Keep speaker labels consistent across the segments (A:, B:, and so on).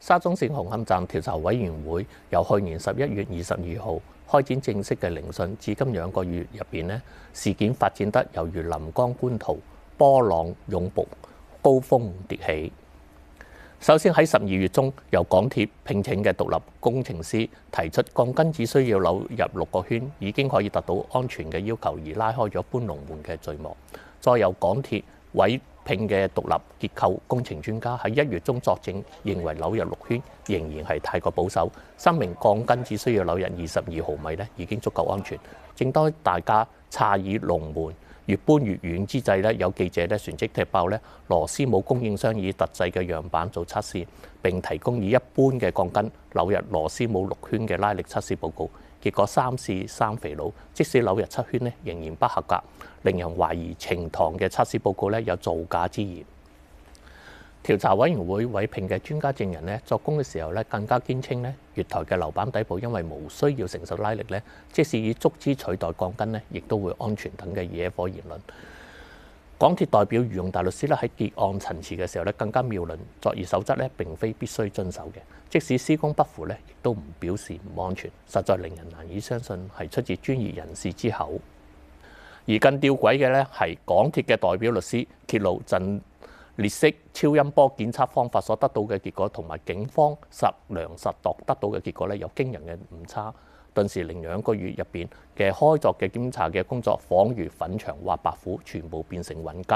A: 沙中線紅磡站調查委員會由去年十一月二十二號開展正式嘅聆訊，至今兩個月入邊呢，事件發展得猶如臨江觀濤，波浪湧瀑，高峰迭起。首先喺十二月中，由港鐵聘請嘅獨立工程師提出鋼筋只需要扭入六個圈已經可以達到安全嘅要求，而拉開咗搬龍門嘅序幕。再由港鐵委聘嘅獨立結構工程專家喺一月中作證，認為扭入六圈仍然係太過保守。聲明鋼筋只需要扭入二十二毫米咧，已經足夠安全。正當大家詫異龍門越搬越遠之際咧，有記者咧旋即踢爆咧，螺絲母供應商以特製嘅樣板做測試，並提供以一般嘅鋼筋扭入螺絲母六圈嘅拉力測試報告。結果三試三肥佬，即使扭入七圈咧，仍然不合格，令人懷疑呈堂嘅測試報告咧有造假之嫌。調查委員會委聘嘅專家證人咧作供嘅時候咧，更加堅稱咧，月台嘅樓板底部因為無需要承受拉力咧，即使以竹枝取代鋼筋咧，亦都會安全等嘅惹火言論。港鐵代表余勇大律師咧喺結案陳詞嘅時候咧，更加謬論作業守則咧並非必須遵守嘅，即使施工不符咧，亦都唔表示唔安全，實在令人難以相信係出自專業人士之口。而更吊詭嘅咧係港鐵嘅代表律師揭露陣列式超音波檢測方法所得到嘅結果，同埋警方實量實度得到嘅結果咧，有驚人嘅誤差。頓時，零兩個月入邊嘅開作嘅檢查嘅工作，恍如粉牆畫白虎，全部變成混吉。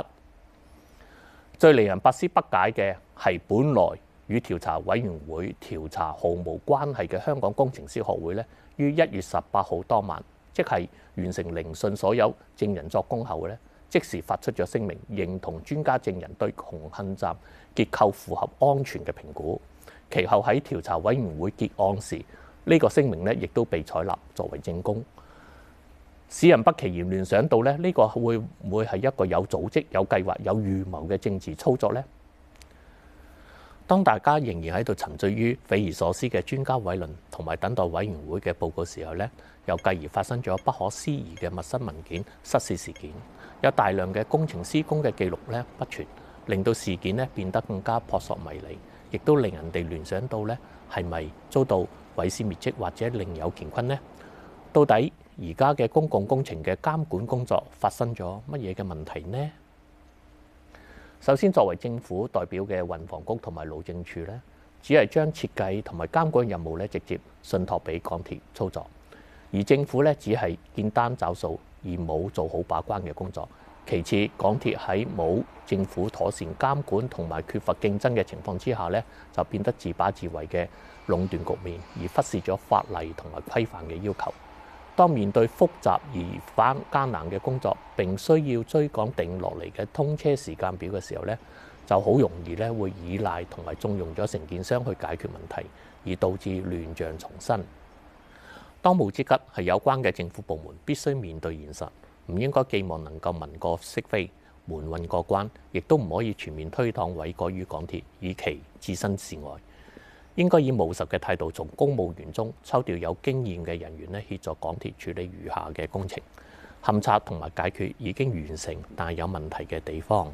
A: 最令人百思不解嘅係，本來與調查委員會調查毫無關係嘅香港工程師學會咧，於一月十八號當晚，即係完成聆訊所有證人作供後咧，即時發出咗聲明，認同專家證人對紅磡站結構符合安全嘅評估。其後喺調查委員會結案時。呢個聲明呢，亦都被採納作為證供。使人不其然聯想到呢，呢個會唔會係一個有組織、有計劃、有預謀嘅政治操作呢？當大家仍然喺度沉醉於匪夷所思嘅專家委論，同埋等待委員會嘅報告時候呢，又繼而發生咗不可思議嘅密室文件失事事件，有大量嘅工程施工嘅記錄呢，不全，令到事件呢，變得更加撲朔迷離，亦都令人哋聯想到呢，係咪遭到毀屍滅跡，或者另有乾坤呢？到底而家嘅公共工程嘅監管工作發生咗乜嘢嘅問題呢？首先，作為政府代表嘅運房局同埋路政處咧，只係將設計同埋監管任務咧直接信託俾港鐵操作，而政府咧只係見單找數，而冇做好把關嘅工作。其次，港鐵喺冇政府妥善監管同埋缺乏競爭嘅情況之下咧，就變得自把自為嘅壟斷局面，而忽視咗法例同埋規範嘅要求。當面對複雜而反艱難嘅工作，並需要追趕定落嚟嘅通車時間表嘅時候咧，就好容易咧會依賴同埋縱容咗承建商去解決問題，而導致亂象叢生。當務之急係有關嘅政府部門必須面對現實。唔應該寄望能夠文過飾非、蒙混過關，亦都唔可以全面推搪諉過於港鐵，以期置身事外。應該以務實嘅態度，從公務員中抽調有經驗嘅人員呢，協助港鐵處理餘下嘅工程、勘測同埋解決已經完成但係有問題嘅地方。